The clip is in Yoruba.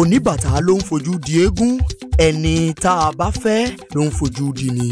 oníbàtà ló ń fojú di eégún ẹni tá a bá fẹ́ ló ń fojú di ni.